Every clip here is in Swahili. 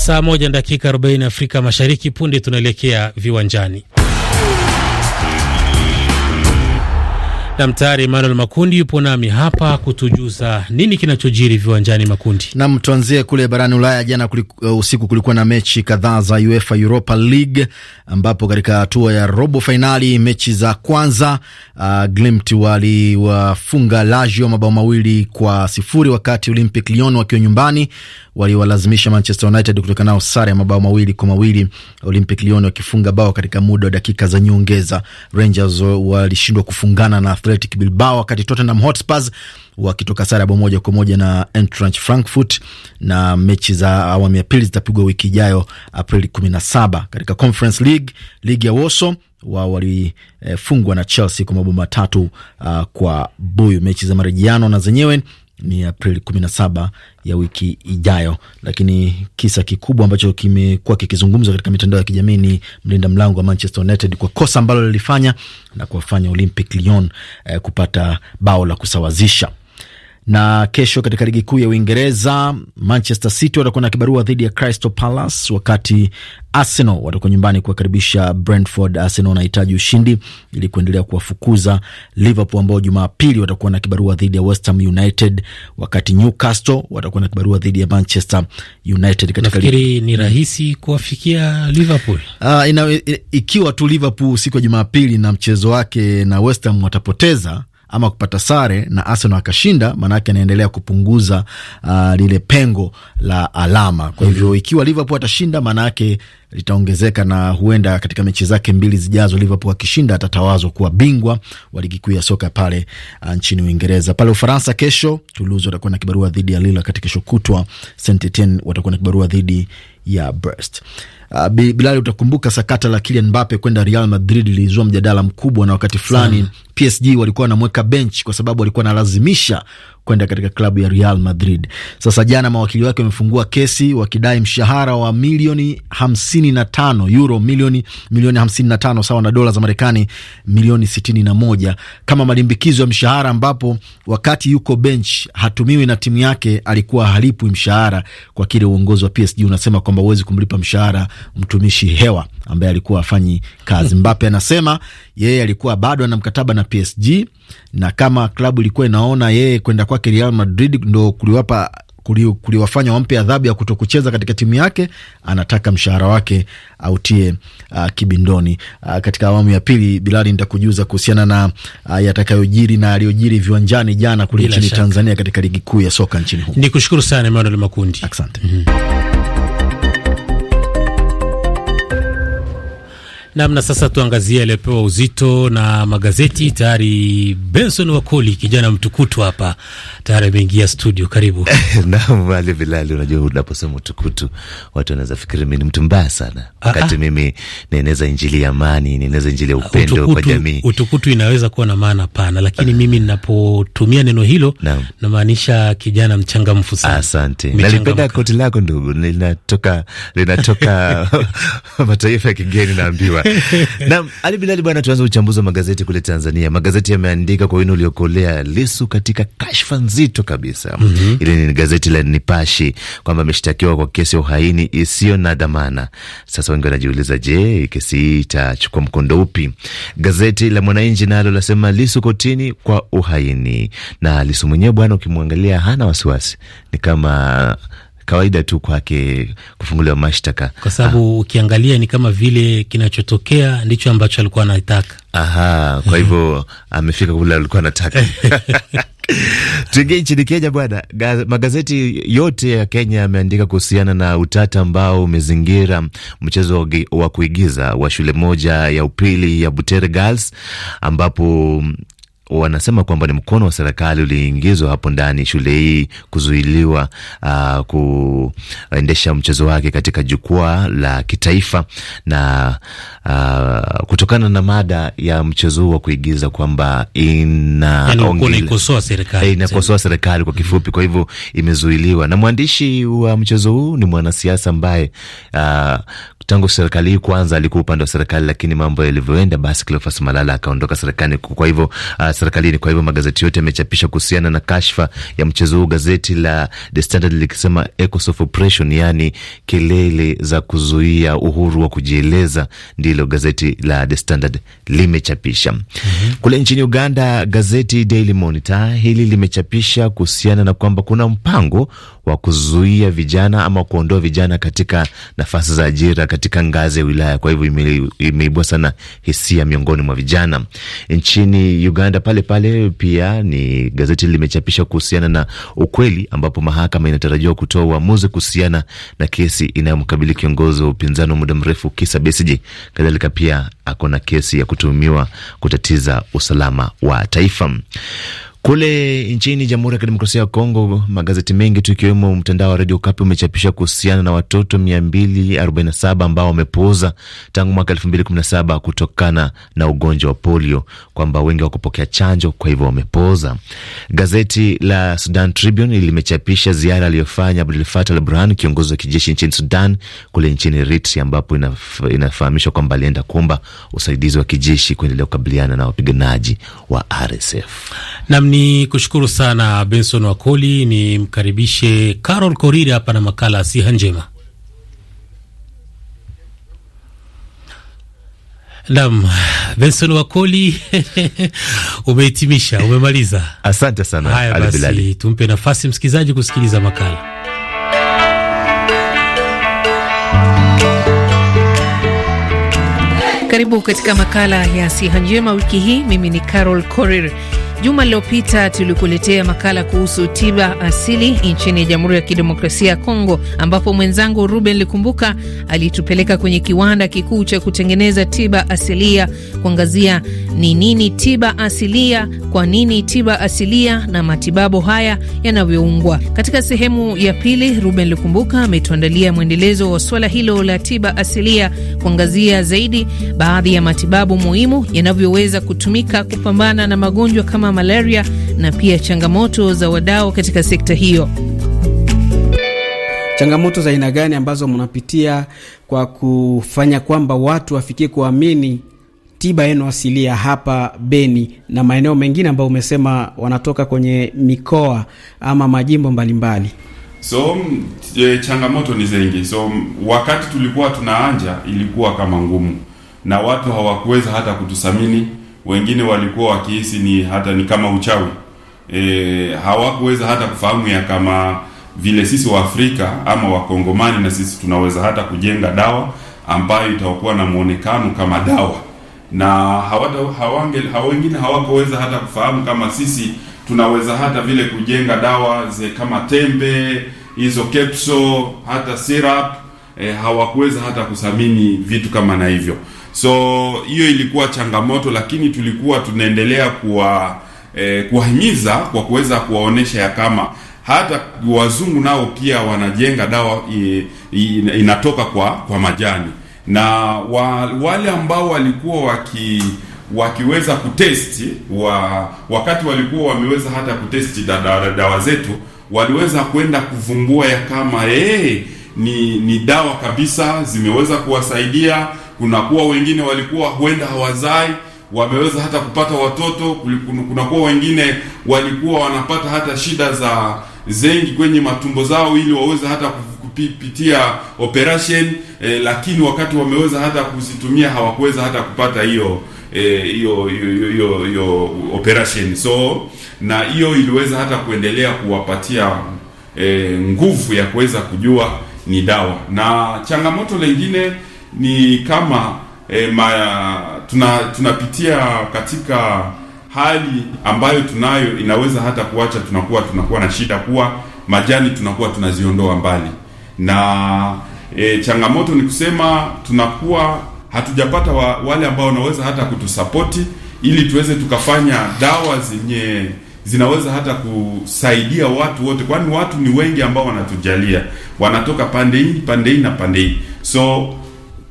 Saa moja na dakika 40 Afrika Mashariki. Punde tunaelekea viwanjani. Nam tayari Emmanuel Makundi yupo nami hapa kutujuza nini kinachojiri viwanjani. Makundi nam, tuanzie kule barani Ulaya. Jana kuliku, uh, usiku kulikuwa na mechi kadhaa za UEFA Europa League ambapo katika hatua ya robo fainali mechi za kwanza uh, Glimt waliwafunga Lazio mabao mawili kwa sifuri wakati Olympic Lyon wakiwa nyumbani waliwalazimisha Manchester United kutoka nao sare ya mabao mawili kwa mawili, Olympic Lyon wakifunga bao katika muda wa dakika za nyongeza. Rangers walishindwa kufungana na Athletic Bilbao, wakati Tottenham Hotspurs wakitoka sare bao moja kwa moja na Eintracht Frankfurt, na mechi za awamu ya pili zitapigwa wiki ijayo Aprili 17. Katika Conference League, ligi ya Woso wao walifungwa e, na Chelsea kwa mabao matatu uh, kwa buyu. Mechi za marejiano na zenyewe ni Aprili 17 ya wiki ijayo. Lakini kisa kikubwa ambacho kimekuwa kikizungumzwa katika mitandao ya kijamii ni mlinda mlango wa Manchester United kwa kosa ambalo lilifanya na kuwafanya Olympic Lyon eh, kupata bao la kusawazisha. Na kesho katika ligi kuu ya Uingereza, Manchester City watakuwa na kibarua dhidi ya Crystal Palace, wakati Arsenal watakuwa nyumbani kuwakaribisha Brentford. Arsenal wanahitaji ushindi ili kuendelea kuwafukuza Liverpool ambao Jumapili watakuwa na kibarua dhidi ya West Ham United, wakati Newcastle watakuwa na kibarua dhidi ya Manchester United. Katika nafikiri ni rahisi kuwafikia Liverpool uh, ina, ikiwa tu Liverpool siku ya Jumapili na mchezo wake na West Ham watapoteza ama kupata sare na Arsenal akashinda, maanake anaendelea kupunguza uh, lile pengo la alama. Kwa hivyo ikiwa Liverpool atashinda, maanake litaongezeka na huenda katika mechi zake mbili zijazo Liverpool akishinda atatawazwa kuwa bingwa wa ligi kuu ya soka pale uh, nchini Uingereza. Pale Ufaransa kesho Toulouse watakuwa na kibarua dhidi ya Lille, katika kesho kutwa Saint Etienne watakuwa na kibarua dhidi ya Brest. Uh, Bilali, utakumbuka sakata la Kylian Mbappe kwenda Real Madrid lilizua mjadala mkubwa, na wakati fulani PSG walikuwa wanamweka bench kwa sababu walikuwa wanalazimisha kwenda katika klabu ya Real Madrid. Sasa jana mawakili wake wamefungua kesi wakidai mshahara wa milioni 55 euro milioni milioni 55 sawa na dola za Marekani milioni 61 kama malimbikizo ya mshahara, ambapo wakati yuko bench hatumiwi na timu yake alikuwa halipwi mshahara, kwa kile uongozi wa PSG unasema kwamba huwezi kumlipa mshahara mtumishi hewa ambaye alikuwa afanyi kazi. Mbappe anasema yeye alikuwa bado ana mkataba na PSG na kama klabu ilikuwa inaona yeye kwenda kwake Real Madrid ndo kuliwapa kuliwafanya wampe adhabu ya kuto kucheza katika timu yake, anataka mshahara wake autie uh, kibindoni. Uh, katika awamu ya pili, Bilali, nitakujuza kuhusiana na uh, yatakayojiri na yaliyojiri viwanjani jana kule nchini Tanzania katika ligi kuu ya soka nchini humo. Nikushukuru sana Emanuel Makundi, asante. mm -hmm. Namna sasa, tuangazie aliyopewa uzito na magazeti tayari. Benson Wakoli, kijana mtukutu hapa tayari ameingia studio, karibu. nam Ali Bilali, unajua unaposema mtukutu watu wanaweza fikiri mimi ni mtu mbaya sana, ah, wakati ah. mimi naeneza injili ya amani, naeneza injili ya upendo utukutu kwa jamii. Utukutu inaweza kuwa na maana pana, lakini ah. mimi ninapotumia neno hilo namaanisha kijana mchangamfu sana. Asante, nalipenda koti lako ndugu, linatoka linatoka mataifa ya kigeni naambiwa sawa. Naam, Ali Bilali bwana, tuanze uchambuzi wa magazeti kule Tanzania. Magazeti yameandika kwa wino uliokolea lisu katika kashfa nzito kabisa. Mm -hmm. Ili ni gazeti la nipashi kwamba ameshtakiwa kwa kesi ya uhaini isiyo na dhamana. Sasa wengi wanajiuliza, je, kesi hii itachukua mkondo upi? Gazeti la Mwananchi nalo lasema lisu kotini kwa uhaini. Na lisu mwenyewe bwana, ukimwangalia hana wasiwasi. Ni kama kawaida tu kwake kufunguliwa mashtaka, kwa sababu ah. ukiangalia ni kama vile kinachotokea ndicho ambacho alikuwa anataka. Aha, kwa hivyo amefika kule alikuwa anataka. Tuingie nchini Kenya bwana. Magazeti yote ya Kenya yameandika kuhusiana na utata ambao umezingira mchezo wa kuigiza wa shule moja ya upili ya Butere Girls ambapo wanasema kwamba ni mkono wa serikali uliingizwa hapo ndani shule hii kuzuiliwa uh, kuendesha mchezo wake katika jukwaa la kitaifa na uh, kutokana na mada ya mchezo huu wa kuigiza kwamba yaani inakosoa serikali, eh, inakosoa serikali kwa kifupi, kwa hivyo imezuiliwa. Na mwandishi wa mchezo huu ni mwanasiasa ambaye uh, tangu serikali hii kwanza alikuwa upande wa serikali, lakini mambo yalivyoenda, basi Cleophas Malala akaondoka serikali. Kwa hivyo uh, serikalini. Kwa hivyo magazeti yote yamechapisha kuhusiana na kashfa ya mchezo huu, gazeti la The Standard likisema echoes of oppression, yaani kelele za kuzuia uhuru wa kujieleza, ndilo gazeti la The Standard limechapisha. mm -hmm. Kule nchini Uganda, gazeti Daily Monitor hili limechapisha kuhusiana na kwamba kuna mpango wa kuzuia vijana ama kuondoa vijana katika nafasi za ajira katika ngazi ya wilaya. Kwa hivyo imeibua sana hisia miongoni mwa vijana nchini Uganda pale pale pia ni gazeti limechapisha kuhusiana na ukweli, ambapo mahakama inatarajiwa kutoa uamuzi kuhusiana na kesi inayomkabili kiongozi wa upinzani wa muda mrefu Kizza Besigye. Kadhalika pia ako na kesi ya kutuhumiwa kutatiza usalama wa taifa. Kule nchini Jamhuri ya Kidemokrasia ya Kongo, magazeti mengi tu ikiwemo mtandao wa Radio Kapi umechapisha kuhusiana na watoto 247 ambao wamepooza tangu mwaka 2017 kutokana na ugonjwa wa polio, kwamba wengi wakupokea chanjo, kwa hivyo wamepooza. Gazeti la Sudan Tribune limechapisha ziara aliyofanya Abdul Fatah al-Burhan, kiongozi wa kijeshi nchini Sudan, kule nchini Eritrea, ambapo inaf, inafahamishwa kwamba alienda kuomba usaidizi wa kijeshi kuendelea kukabiliana na wapiganaji wa RSF. Nam ni kushukuru sana Benson Wakoli. Ni mkaribishe Carol corir hapa na makala Siha Njema. Nam Benson Wakoli, umehitimisha, umemaliza. Asante sana. Haya basi, tumpe nafasi msikilizaji kusikiliza makala. Karibu katika makala ya siha njema wiki hii. Mimi ni Carol Korir. Juma lililopita tulikuletea makala kuhusu tiba asili nchini Jamhuri ya Kidemokrasia ya Kongo, ambapo mwenzangu Ruben Likumbuka alitupeleka kwenye kiwanda kikuu cha kutengeneza tiba asilia kuangazia ni nini tiba asilia, kwa nini tiba asilia na matibabu haya yanavyoungwa. Katika sehemu ya pili, Ruben Likumbuka ametuandalia mwendelezo wa suala hilo la tiba asilia, kuangazia zaidi baadhi ya matibabu muhimu yanavyoweza kutumika kupambana na magonjwa kama malaria na pia changamoto za wadau katika sekta hiyo. Changamoto za aina gani ambazo mnapitia kwa kufanya kwamba watu wafikie kuamini tiba yenu asilia hapa Beni na maeneo mengine ambayo umesema wanatoka kwenye mikoa ama majimbo mbalimbali mbali. So e, changamoto ni zengi. So wakati tulikuwa tunaanja ilikuwa kama ngumu, na watu hawakuweza hata kututhamini wengine walikuwa wakihisi ni hata ni kama uchawi e, hawakuweza hata kufahamu ya kama vile sisi wa afrika ama Wakongomani na sisi tunaweza hata kujenga dawa ambayo itakuwa na mwonekano kama dawa, na hawata hawange wengine hawakuweza hata kufahamu kama sisi tunaweza hata vile kujenga dawa ze kama tembe hizo, kepso hata syrup e, hawakuweza hata kuthamini vitu kama na hivyo. So hiyo ilikuwa changamoto, lakini tulikuwa tunaendelea kuwa e, kuwahimiza kwa kuweza kuwaonesha ya kama hata wazungu nao pia wanajenga dawa inatoka kwa kwa majani na wa, wale ambao walikuwa waki wakiweza kutesti wa, wakati walikuwa wameweza hata kutesti dawa zetu, waliweza kwenda kuvumbua ya kama hey, eh, ni ni dawa kabisa, zimeweza kuwasaidia. Kunakuwa wengine walikuwa huenda hawazai wameweza hata kupata watoto. Kunakuwa wengine walikuwa wanapata hata shida za zengi kwenye matumbo zao ili waweze hata kupitia operation eh, lakini wakati wameweza hata kuzitumia hawakuweza hata kupata hiyo eh, hiyo eh, hiyo hiyo operation. So na hiyo iliweza hata kuendelea kuwapatia eh, nguvu ya kuweza kujua ni dawa, na changamoto lengine ni kama e, eh, maya, tuna, tunapitia katika hali ambayo tunayo inaweza hata kuacha tunakuwa tunakuwa na shida kuwa majani tunakuwa tunaziondoa mbali na e, changamoto ni kusema tunakuwa hatujapata wa, wale ambao wanaweza hata kutusapoti ili tuweze tukafanya dawa zenye zinaweza hata kusaidia watu wote, kwani watu ni wengi ambao wanatujalia, wanatoka pande hii pande hii na pande hii. So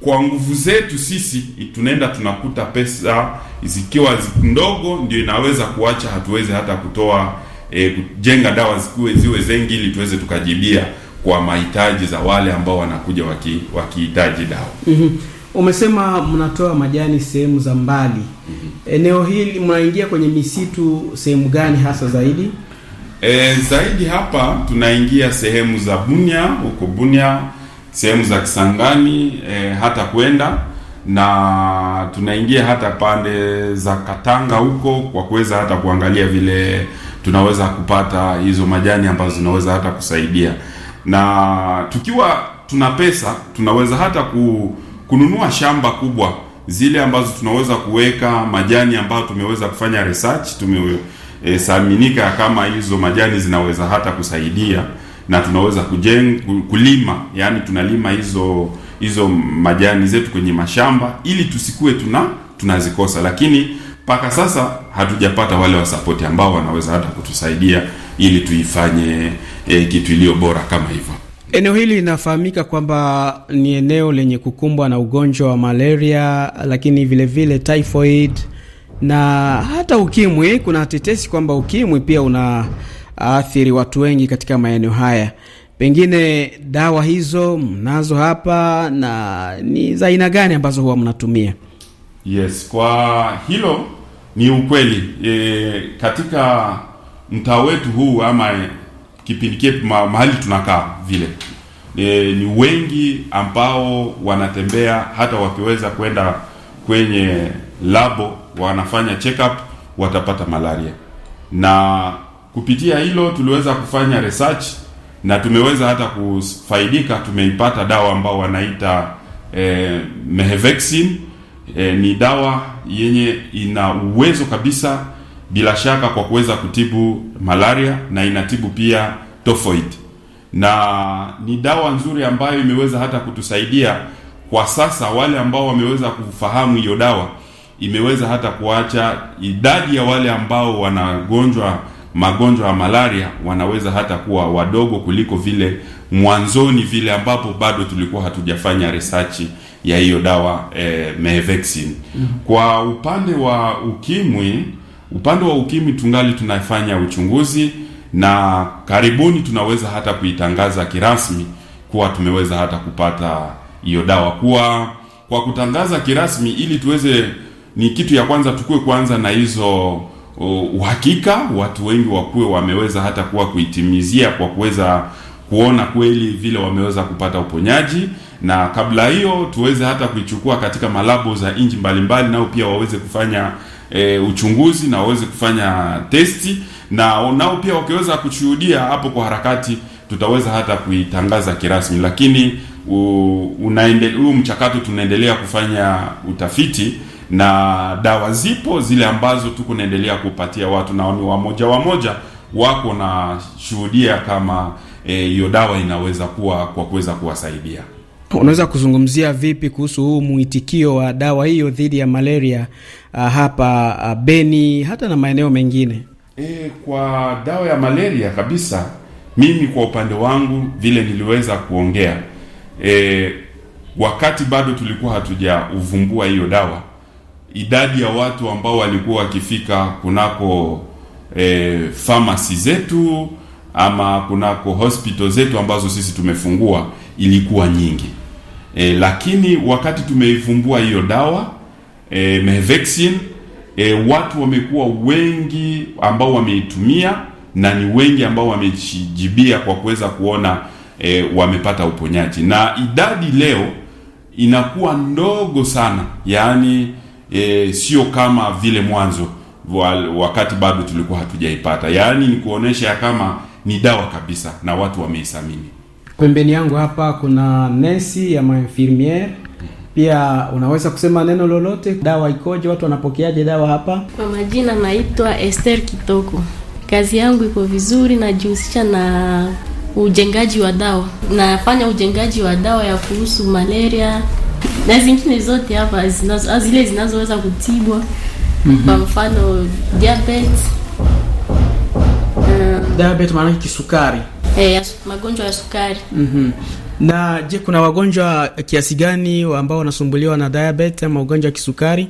kwa nguvu zetu sisi tunaenda tunakuta pesa zikiwa ndogo, ndio inaweza kuacha hatuwezi hata kutoa e, kujenga dawa zikiwe ziwe zengi, ili tuweze tukajibia kwa mahitaji za wale ambao wanakuja wakihitaji waki dawa mm -hmm. Umesema mnatoa majani sehemu za mbali. Mhm. Eneo hili mnaingia kwenye misitu sehemu gani hasa zaidi? E, zaidi hapa tunaingia sehemu za bunya huko bunya sehemu za Kisangani, e, hata kwenda na tunaingia hata pande za Katanga huko kwa kuweza hata kuangalia vile tunaweza kupata hizo majani ambazo zinaweza hata kusaidia, na tukiwa tuna pesa tunaweza hata ku kununua shamba kubwa zile ambazo tunaweza kuweka majani ambayo tumeweza kufanya research tumesaminika, eh, e, kama hizo majani zinaweza hata kusaidia na tunaweza kujeng, kulima, yani tunalima hizo hizo majani zetu kwenye mashamba ili tusikue tuna tunazikosa, lakini mpaka sasa hatujapata wale wasapoti ambao wanaweza hata kutusaidia ili tuifanye e, kitu iliyo bora kama hivyo. Eneo hili linafahamika kwamba ni eneo lenye kukumbwa na ugonjwa wa malaria, lakini vile vile typhoid na hata ukimwi. Kuna tetesi kwamba ukimwi pia unaathiri watu wengi katika maeneo haya. Pengine dawa hizo mnazo hapa, na ni za aina gani ambazo huwa mnatumia? Yes, kwa hilo ni ukweli e, katika mtaa wetu huu ama kipindi kipi ma, mahali tunakaa vile e, ni wengi ambao wanatembea hata wakiweza kwenda kwenye labo wanafanya check up watapata malaria. Na kupitia hilo tuliweza kufanya research na tumeweza hata kufaidika. Tumeipata dawa ambao wanaita eh, Mehevexin eh, ni dawa yenye ina uwezo kabisa bila shaka kwa kuweza kutibu malaria na inatibu pia typhoid, na ni dawa nzuri ambayo imeweza hata kutusaidia kwa sasa. Wale ambao wameweza kufahamu hiyo dawa imeweza hata kuacha idadi ya wale ambao wanagonjwa magonjwa ya malaria wanaweza hata kuwa wadogo kuliko vile mwanzoni vile ambapo bado tulikuwa hatujafanya research ya hiyo dawa eh, Mevexin. Mm-hmm. Kwa upande wa ukimwi Upande wa ukimwi tungali tunafanya uchunguzi na karibuni tunaweza hata kuitangaza kirasmi kuwa tumeweza hata kupata hiyo dawa. Kuwa kwa kutangaza kirasmi, ili tuweze, ni kitu ya kwanza, tukue kwanza na hizo uhakika, watu wengi wakuwe wameweza hata kuwa kuitimizia kwa kuweza kuona kweli vile wameweza kupata uponyaji, na kabla hiyo tuweze hata kuichukua katika malabo za nchi mbalimbali, nao pia waweze kufanya e, uchunguzi na waweze kufanya testi, na nao pia wakiweza kushuhudia hapo kwa harakati, tutaweza hata kuitangaza kirasmi. Lakini huu mchakato tunaendelea kufanya utafiti na dawa zipo zile ambazo tuko naendelea kupatia watu na wamoja wamoja wako na shuhudia kama e, hiyo e, dawa inaweza kuwa kwa kuweza kuwasaidia. Unaweza kuzungumzia vipi kuhusu huu mwitikio wa dawa hiyo dhidi ya malaria ah, hapa ah, Beni hata na maeneo mengine? E, kwa dawa ya malaria kabisa, mimi kwa upande wangu vile niliweza kuongea e, wakati bado tulikuwa hatujauvumbua hiyo dawa, idadi ya watu ambao walikuwa wakifika kunako e, famasi zetu ama kunako hospital zetu ambazo sisi tumefungua ilikuwa nyingi e, lakini wakati tumeivumbua hiyo dawa e, Mehvexian e, watu wamekuwa wengi ambao wameitumia na ni wengi ambao wamejibia kwa kuweza kuona e, wamepata uponyaji na idadi leo inakuwa ndogo sana, yaani e, sio kama vile mwanzo wakati bado tulikuwa hatujaipata. Yaani ni kuonesha kama ni dawa kabisa na watu wameisamini. Pembeni yangu hapa kuna nesi ya mainfirmiere pia unaweza kusema neno lolote. Dawa ikoje? Watu wanapokeaje dawa hapa? Kwa majina, naitwa Esther Kitoko. Kazi yangu iko vizuri, najihusisha na ujengaji wa dawa, nafanya ujengaji wa dawa ya kuhusu malaria na zingine zote hapa zinazo, zile zinazoweza kutibwa mm -hmm. Kwa mfano diabetes, diabetes maana kisukari eh, magonjwa ya sukari. mm -hmm. Na je, kuna wagonjwa kiasi gani ambao wanasumbuliwa na diabetes ama ugonjwa wa kisukari?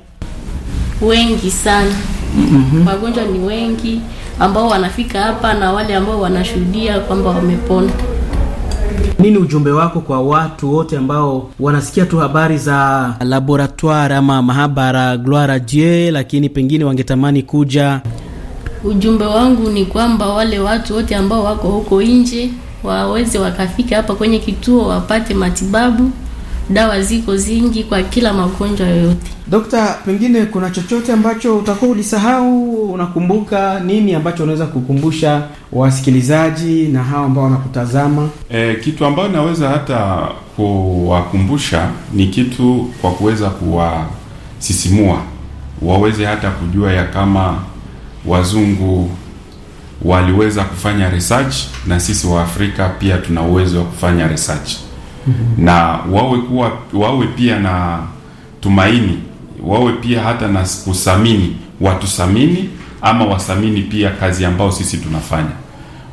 Wengi sana. mm -hmm. Wagonjwa ni wengi ambao wanafika hapa na wale ambao wanashuhudia kwamba wamepona. Nini ujumbe wako kwa watu wote ambao wanasikia tu habari za laboratoire ama mahabara Gloire Dieu, lakini pengine wangetamani kuja Ujumbe wangu ni kwamba wale watu wote ambao wako huko nje waweze wakafika hapa kwenye kituo wapate matibabu. Dawa ziko zingi kwa kila magonjwa yoyote. Dokta, pengine kuna chochote ambacho utakuwa ulisahau? Unakumbuka nini ambacho unaweza kukumbusha wasikilizaji na hao ambao wanakutazama? E, kitu ambayo naweza hata kuwakumbusha ni kitu kwa kuweza kuwasisimua waweze hata kujua ya kama wazungu waliweza kufanya research na sisi wa Afrika pia tuna uwezo wa kufanya research mm -hmm. na wawe kuwa wawe pia na tumaini, wawe pia hata na kusamini, watusamini ama wasamini pia kazi ambayo sisi tunafanya,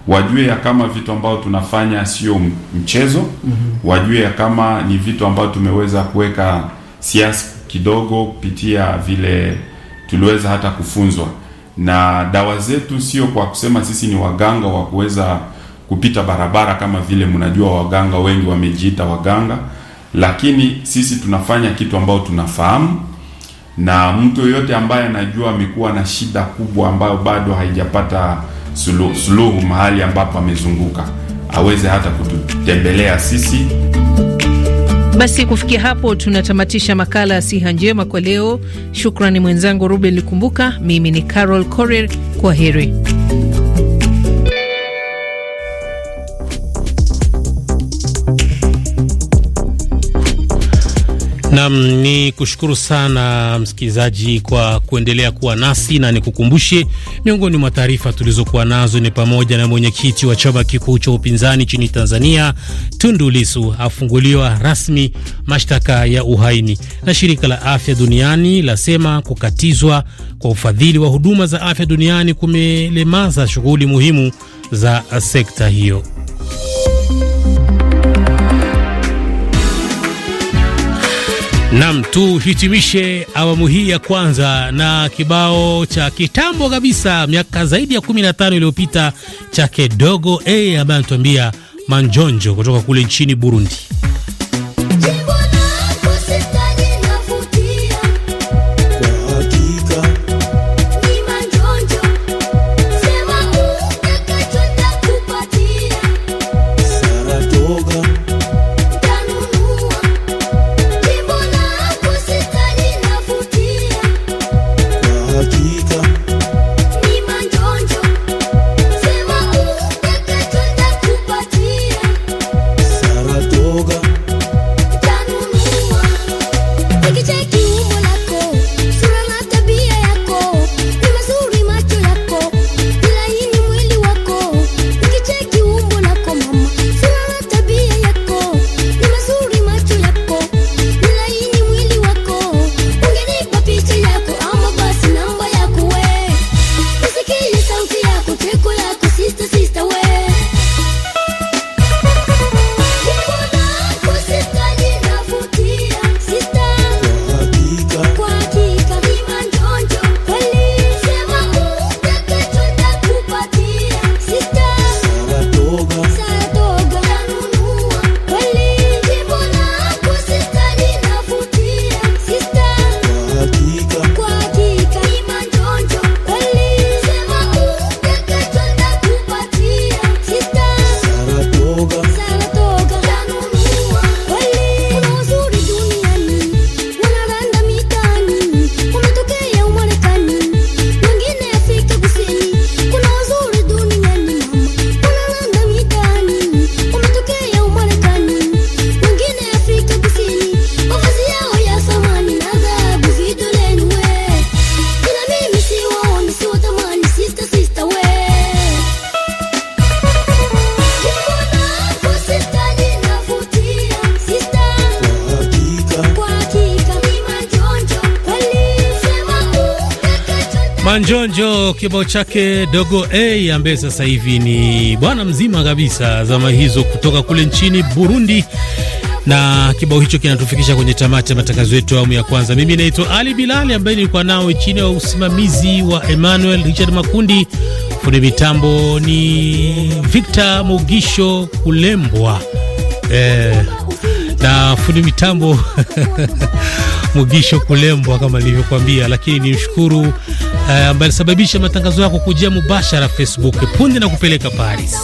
wajue ya kama vitu ambao tunafanya sio mchezo mm -hmm. wajue ya kama ni vitu ambao tumeweza kuweka siasa kidogo kupitia vile tuliweza hata kufunzwa na dawa zetu sio kwa kusema sisi ni waganga wa kuweza kupita barabara kama vile mnajua waganga wengi wamejiita waganga, lakini sisi tunafanya kitu ambao tunafahamu, na mtu yoyote ambaye anajua amekuwa na shida kubwa ambayo bado haijapata suluhu, suluhu mahali ambapo amezunguka aweze hata kututembelea sisi basi kufikia hapo tunatamatisha makala ya siha njema kwa leo. Shukrani mwenzangu Ruben Likumbuka, mimi ni Carol corer kwa heri. Nam ni kushukuru sana msikilizaji kwa kuendelea kuwa nasi, na nikukumbushe miongoni mwa taarifa tulizokuwa nazo ni pamoja na mwenyekiti wa chama kikuu cha upinzani nchini Tanzania Tundu afunguliwa rasmi mashtaka ya uhaini, na shirika la afya duniani lasema kukatizwa kwa ufadhili wa huduma za afya duniani kumelemaza shughuli muhimu za sekta hiyo. Nam, tuhitimishe awamu hii ya kwanza na kibao cha kitambo kabisa miaka zaidi ya 15 iliyopita chake Dogo A ambaye anatuambia Manjonjo kutoka kule nchini Burundi. Manjonjo kibao chake dogo A ambaye sasa hivi ni bwana mzima kabisa zama hizo kutoka kule nchini Burundi. Na kibao hicho kinatufikisha kwenye tamati ya matangazo yetu awamu ya kwanza. Mimi naitwa Ali Bilali ambaye nilikuwa nao chini ya usimamizi wa Emmanuel Richard Makundi. kwenye mitambo ni Victor Mugisho Kulembwa eh na fundi mitambo Mugisho Kulembwa kama nilivyokuambia, lakini ni mshukuru uh, eh, ambaye alisababisha matangazo yako kujia mubashara Facebook punde na kupeleka Paris.